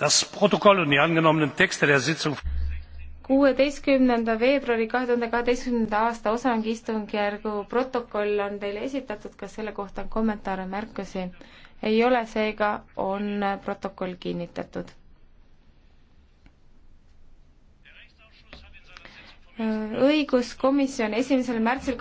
das protokoll und die angenommenen texte der sitzung kuueteistkümnenda veebruari kahe tuhande kaheteistkümnenda aasta osangistungjärgu protokoll on teile esitatud, kas selle kohta on kommentaare, märkusi? ei ole, seega on protokoll kinnitatud. õiguskomisjon esimesel märtsil